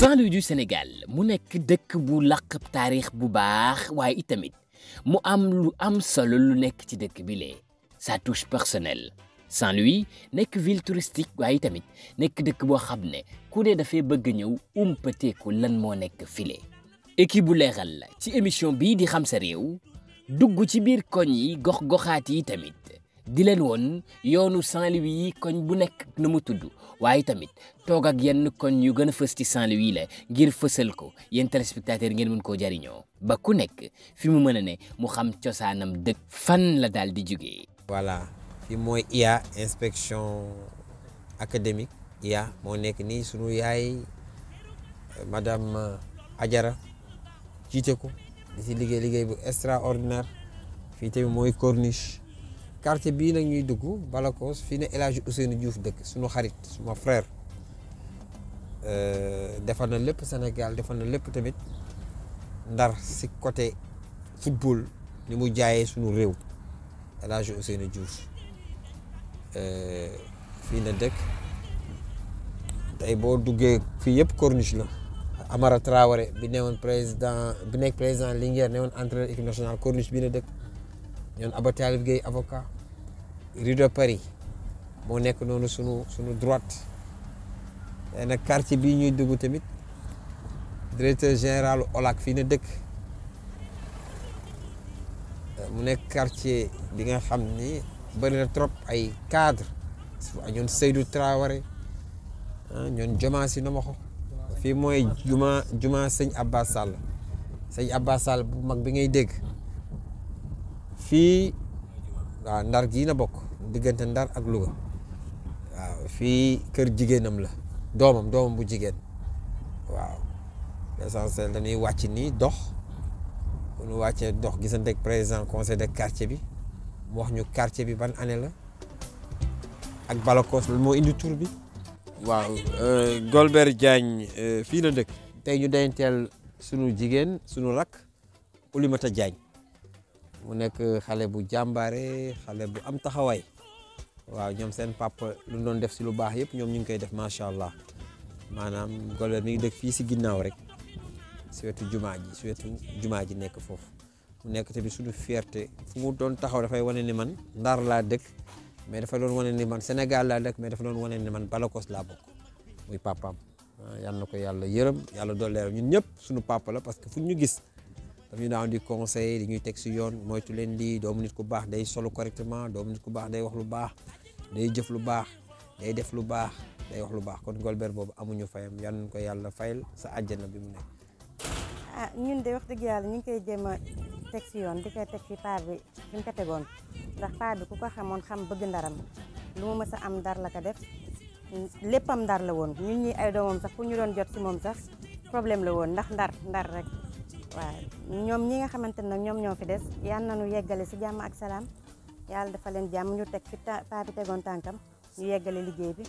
Saint-Louis du Sénégal mu nekk dëkk bu làq taarix bu baax waaye itamit mu am lu am solo lu nekk ci dëkk bi lee sa touche personnelle Saint-Louis nekk ville touristique waaye itamit nekk dëkk boo xam ne ku ne dafay bëgg ñëw umpateeku lan moo nekk file équipe bu leeral la ci émission bii di xam sa réew dugg ci biir koñ yi gox goxaat yi di leen woon yoonu Saint-Louis yi koñ bu nekk na mu tudd waaye tamit toog ak yenn koñ yu gën a fës ci Saint-Louis la ngir fësal ko yéen téléspectateur ngeen mën koo jariñoo ba ku nekk fi mu mën a ne mu xam cosaanam dëkk fan la daal di jógee. voilà fi mooy IA inspection académique IA moo nekk nii sunu yaay euh, madame euh, ajara jiite ko di si liggéey liggéey bu extraordinaire fii tamit mooy corniche. quartier bii nag ñuy dugg Balakos fii ne El Hadj Ousseynou Diouf dëkk suñu xarit suma frère euh, defar na lépp Sénégal defar na lépp tamit ndar si côté football ni mu jaayee suñu réew El Hadj Ousseynou Diouf euh, fii na dëkk tey boo duggee fii yëpp corniche la Amara Traoré bi newoon président bi nekk président Linguère newoon entraîneur équipe nationale corniche bii na dëkk ñoon Aba Talib Gueye avocat rue de Paris moo nekk noonu sunu sunu droite te nag quartier bii ñuy dugg tamit directeur général OLAC fii na dëkk euh, mu nekk quartier bi nga xam ni bëri na trop ay cadre ñoon Seydou Traoré ah, ñoon Joma si na ma fii mooy juma juma sëñ Abbas Sall sëñ Abbas Sall bu mag bi ngay dégg fii waaw ndar gii la bokk diggante ndar ak Louga waaw fii kër jigéenam la doomam doomam bu jigéen waaw l'essentiel dañuy wàcc nii dox bu ñu wàccee dox gisante ak président conseil de quartier bi mu wax ñu quartier bi ban année la ak Balakos loolu moo indi tur bi. waaw euh, Golbert Diagne euh, fii na dëkk. tey ñu dayanteel sunu jigéen sunu rakk a Diagne. mu nekk xale bu jàmbaare xale bu am taxawaay waaw ñoom seen papa lu doon def si lu baax yëpp ñoom ñu ngi koy def macha allah maanaam gole mi ngi dëkk fii si ginnaaw rek si wetu jumaa ji si wetu jumaa ji nekk foofu mu nekk tamit suñu fierté fu mu doon taxaw dafay wane ni man Ndar laa dëkk mais dafa doon wane ni man Sénégal laa dëkk mais dafa doon wane ni man bala Balakos laa bokk muy papaam ah, yal na ko yàlla yërëm yàlla dool leeram ñun ñëpp suñu papa la parce que fu ñu gis daf ñu daan di conseil di ñuy teg si yoon moytu leen di doomu nit ku baax day solo correctement doomu nit ku baax day wax lu baax day jëf lu baax day def lu baax day wax lu baax kon Golbert boobu amuñu fayam yal ñu ko yàlla fayal sa àjjana bi mu nekk. ah ñun de wax dëgg yàlla ñu ngi koy jéem a teg si yoon di koy teg ci paar bi fi ko tegoon ndax paar bi ku ko xamoon xam bëgg ndaram lu mu mës a am ndar la ko def léppam ndar la woon ñun ñi ay doomam sax ñu doon jot moom sax problème la woon ndax ndar ndar rek. waaw ñoom ñi nga xamante ne nag ñoom ñoo fi des yal na ñu yeggale si jàmm ak salaam yàlla dafa leen jàmm ñu teg fi paa bi tegoon tànkam ñu yeggale liggéey bi.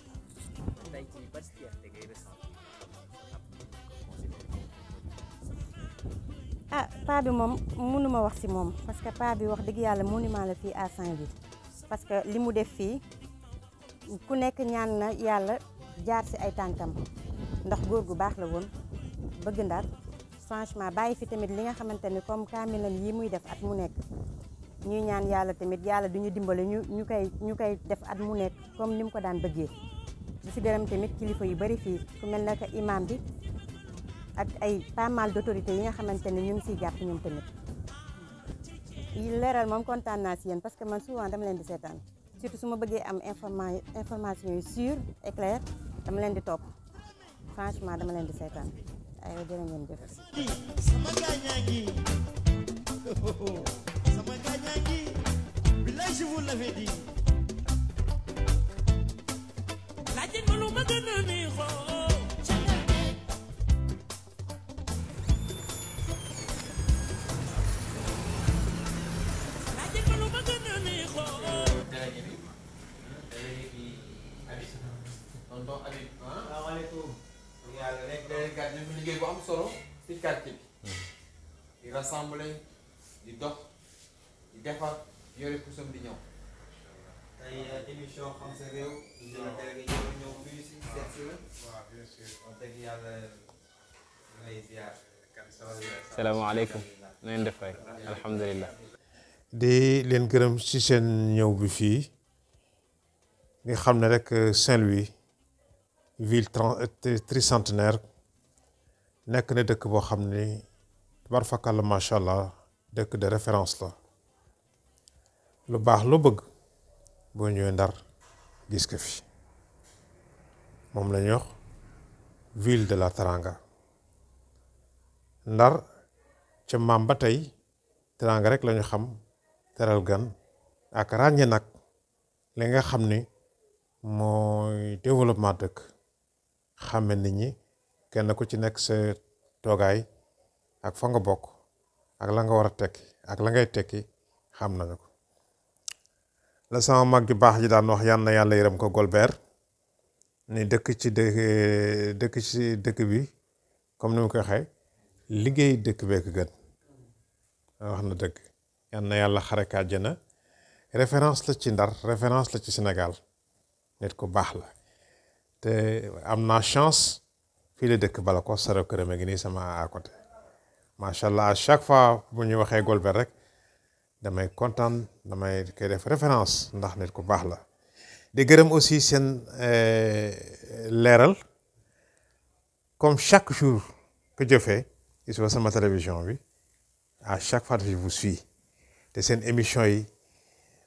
ah paa bi moom mënuma wax si moom parce que paa bi wax dëgg yàlla ni la fii à Saint-Louis parce que li mu def fii ku nekk ñaan na yàlla jaar si ay tànkam ndax góor gu baax la woon bëgg Ndar franchement bàyyi fi tamit li nga xamante ni comme kaamilam yi muy def at mu nekk ñuy ñaan yàlla tamit yàlla du ñu dimbale ñu ñu koy ñu koy def at mu nekk comme ni mu ko daan bëggee di si gërëm tamit kilifa yu bëri fii ku mel naka imam bi ak ay pas mal d'autorité yi nga xamante ne ñu ngi siy jàpp ñoom tamit leeral moom kontaan naa si yéen parce que man souvent dama leen di seetaan surtout su ma bëggee am information yu sûre et dama leen di topp franchement dama sama gaañaa ngi sama gaañaa ngi a yàlla nekk beneen gardien bu liggéey bu am di la di leen gërëm ci seen ñëw bi fii nga xam ne rek euh, Saint-Louis ville euh, tricentenaire nekk na dëkk boo xam ni barfakal la macha allah dëkk de référence la lu baax loo bëgg boo ñëwee ndar gis ko fi moom la ñuy wax ville de la Teranga ndar ca maam ba tey Teranga rek lañu xam teral gan ak ràññe nag li nga xam ni mooy développement dëkk xàmme nit ñi kenn ku ci nekk sa toogaay ak fa nga bokk ak la nga war a tekki ak la ngay tekki xam nañu ko la sama mag ju baax ji daan wax yal na yàlla yërëm ko Golbert ni dëkk ci eh, dëkk ci dëkk bi comme ni mu ko waxee liggéey dëkk bee ko gën wax na dëgg yal yàlla xare ka àjjana référence la ci Ndar référence la ci Sénégal nit ku baax la te am naa chance fii la dëkk bala ko saro këram a ngi nii sama à côté macha allah à chaque fois bu ñuy waxee Golbert rek damay kontaan damay koy def référence ndax nit ku baax la di gërëm aussi seen euh, leeral comme chaque jour que je fais sur sama télévision bi à chaque fois je vous suis te seen émission yi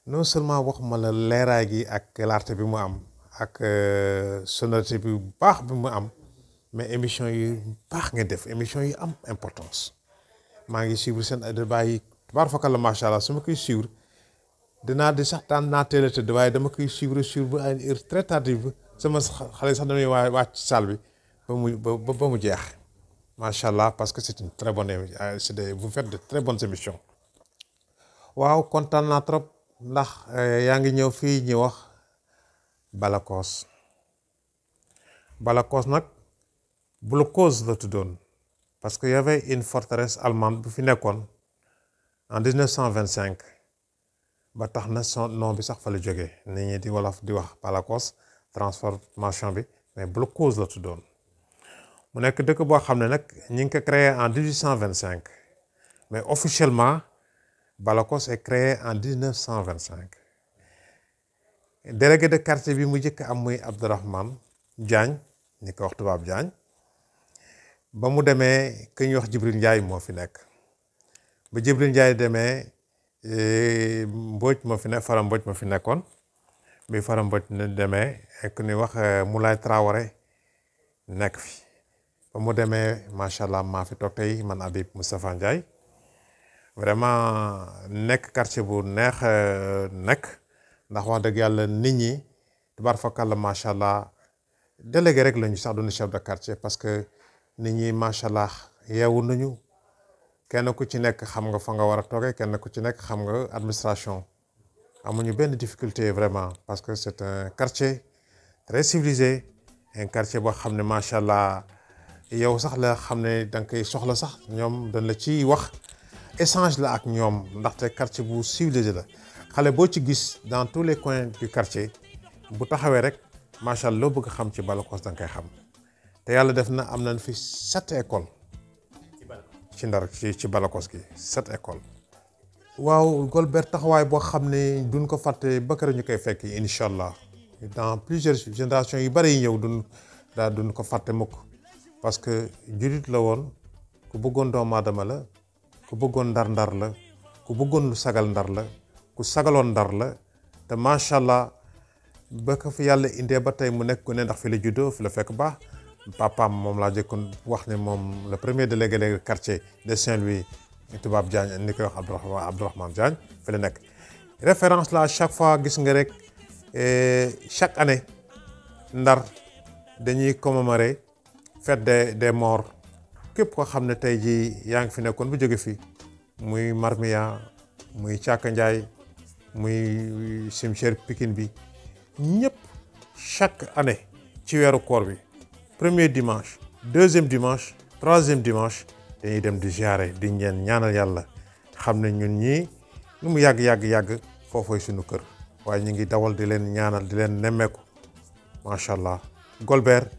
non seulement waxuma la leeraay gi ak clarté bi mu am. ak euh, sonorité bi bu baax bi mu am mais émission yi baax nga def émission yi am importance maa ngi suivre seen débat yi tubaarfakala macha allah su ma koy suivre dinaa di sax daan naa teel tëdd waaye dama koy suivre suivre ba à une heure sama xale sax damay waa wàcc salle bi ba mu ba ba mu jeex macha allah parce que c'est une très bonne euh, c'est des vous faites naa trop ndax euh, yaa ngi ñëw fii ñu wax balakoos balakoos nag blocose la tuddoon parce que y avait une forteresse allemande bu fi nekkoon en 1925 ba tax na son nom bi sax fa la jógee nit ñi di wolof di wax balakoos transformation bi mais blocose la tuddoon mu nekk dëkk boo xam ne nag ñi ngi ko créé en 1825 mais officiellement Balakos est créé en 1925 délégué de quartier bi mu njëkk am muy Abdourahmane Diagne ñi ko wax tubaab Diagne ba mu demee ki ñuy wax Jibril njaay moo fi nekk ba Jibril njaay demee eh, mbooj ma fi nekk Fara Mbodj moo fi nekkoon bi Fara Mbodj demee ku ñuy wax eh, Moulay Traoré nekk fi ba mu demee macha allah maa fi toog tey man Habib Moustapha Ndiaye vraiment nekk quartier bu neex eh, nekk. ndax wax dëgg yàlla nit ñi tubaar fakkal la macha allah délégué rek lañu sax doon chef de quartier parce que nit ñi macha allah yeewu nañu kenn ku ci nekk xam nga fa nga war a toogee kenn ku ci nekk xam nga administration amuñu benn difficulté vraiment parce que c'est un quartier très civilisé un quartier boo xam ne macha allah yow sax la xam ne da soxla sax ñoom dañ la ciy wax échange la ak ñoom ndaxte quartier bu civilisé la. xale boo ci gis dans tous les coins du quartier bu taxawee rek macha allah loo bëgg xam ci Balakos da nga xam te yàlla def na am nañ fi set école ci ndar ci ci Balakos gi sept école waaw Golbert taxawaay boo xam ne duñ ko fàtte ba kër ñu koy fekk incha allah dans plusieurs générations yu bari yi ñëw duñ daa duñ ko fàtte mukk parce que jullit la woon ku bëggoon doomu aadama la ku bëggoon ndar-ndar la ku bëggoon lu sagal ndar la. ku sagaloon ndar la te macha allah ba ko fi yàlla indie ba tey mu nekk ku ne ndax fi la juddoo fi la fekk baax papaam moom laa jëkkoon wax ne moom le premier délégué de quartier de Saint-Louis tubaab Diagne ni koy wax Abdourahmane Abdourahmane Diagne fi la nekk. référence la chaque fois gis nga rek eh, chaque année ndar dañuy commémorer fête de des morts képp koo xam ne tey jii yaa ngi fi nekkoon bu jóge fi muy Marmiya muy Càkk Njaay muy cimetière Pikine bi ñëpp chaque année ci weeru koor bi premier dimanche deuxième dimanche troisième dimanche dañuy dem di ziare di ñeen ñaanal yàlla xam ne ñun ñii lu mu yàgg yàgg yàgg foofu sunu kër waaye ñu ngi dawal di leen ñaanal di leen nemmeeku macha allah Golbert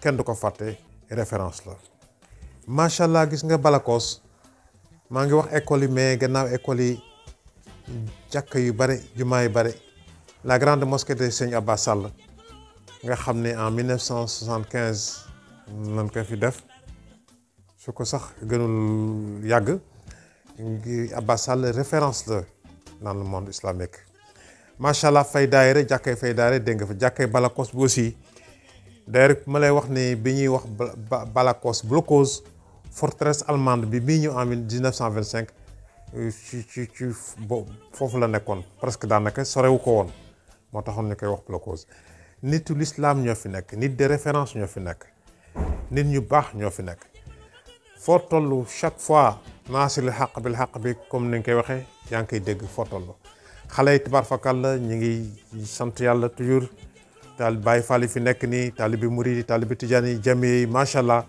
kenn du ko fàtte référence la macha allah gis nga Balakoss maa ngi wax école yi mais gannaaw école yi. jàkka yu bare jumaa yu bare la grande mosquée de Sëñ Abba Sall nga xam ne en 1975 nan ko fi def su ko sax gënul yàgg Abba Sall référence la naan le monde islamique macha allah fay daayira jàkkay fay daayira dégg nga fa jàkkay Balakos bi aussi d'ailleurs ma lay wax ni bi ñuy wax Balakos blocose forteresse allemande bi bii ñu en 1925. Euh, ci ci ci foofu la nekkoon presque daanaka sorewu ko woon moo taxoon ñu koy wax blocos nitu l'islam ñoo fi nekk nit de référence ñoo fi nekk nit ñu baax ñoo fi nekk foo toll chaque fois naasiril xaq bi la xaq bi comme ni nga koy waxee yaa ngi koy dégg foo toll xale yi tabaar fakal la ñu ngi sant yàlla toujours daal bàyyi faal yi fi nekk nii taalibi murid yi taalibi tijaan yi jamiye yi macha allah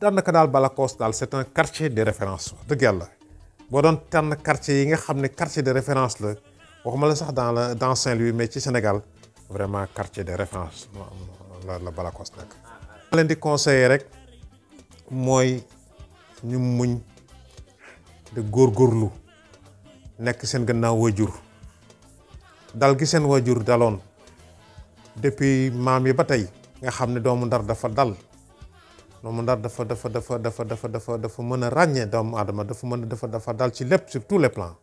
daanaka daal balakoos daal c'est un quartier de référence dëgg yàlla boo doon tànn quartier yi nga xam ne quartier de référence la waxuma la sax dans la dans Saint-Louis mais ci Sénégal vraiment quartier de référence la la Balakos nag ma leen di conseiller rek mooy ñu muñ de góorgóorlu nekk seen gannaaw waajur dal gi seen waajur daloon depuis maam yi ba tey nga xam ne doomu ndar dafa dal doomu ndar dafa dafa dafa dafa dafa dafa dafa mën a ràññee doomu aadama dafa mën a dafa dafa dal ci lépp sur tous les plans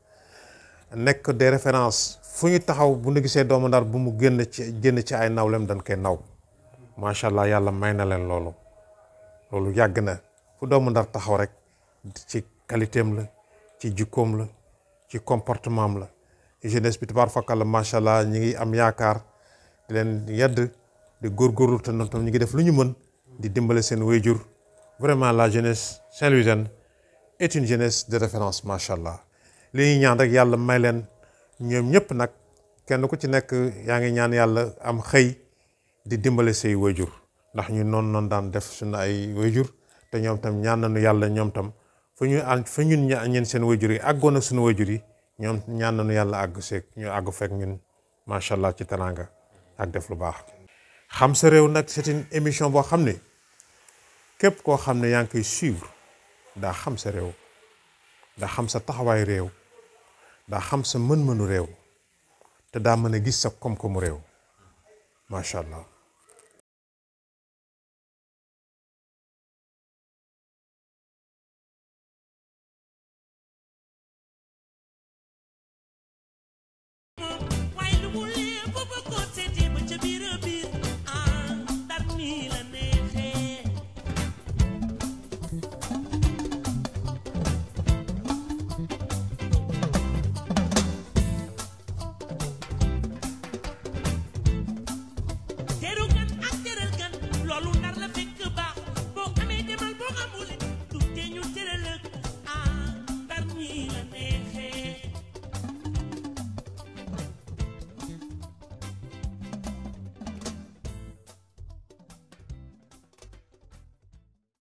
nekk des références fu ñu taxaw bu ñu gisee doomu ndar bu mu génn ci génn ci ay nawlem dañ koy naw macha allah yàlla may na leen loolu loolu yàgg na fu doomu ndar taxaw rek ci qualité am la ci jikkoom la ci comportement am la jeunesse bi tabaarkalla macha allah ñu ngi am yaakaar di leen yedd di góorgóorlu te ñoom tam ñu ngi def lu ñu mën. di dimbale seen wayjur vraiment la jeunesse saint-louisienne est une jeunesse de référence macha allah li ñuy ñaan rek yàlla may leen ñoom ñëpp nag kenn ku ci nekk yaa ngi ñaan yàlla am xëy di dimbale say wayjur ndax ñu noon noonu daan def suñu ay wayjur te ñoom tam ñaan nañu yàlla ñoom tam fu ñu fu ñun ñeen seen wayjur yi àggoon ak suñu wayjur yi ñoom ñaan nañu yàlla àgg seeg ñu àgg fekk ñun macha allah ci teraanga ak def lu baax. xam sa réew nag c'est une émission boo xam ne képp koo xam ne yaa ngi koy suivre daa xam sa réew daa xam sa taxawaayu réew daa xam sa mën-mënu réew te daa mën a gis sa koom-koomu réew macha allah.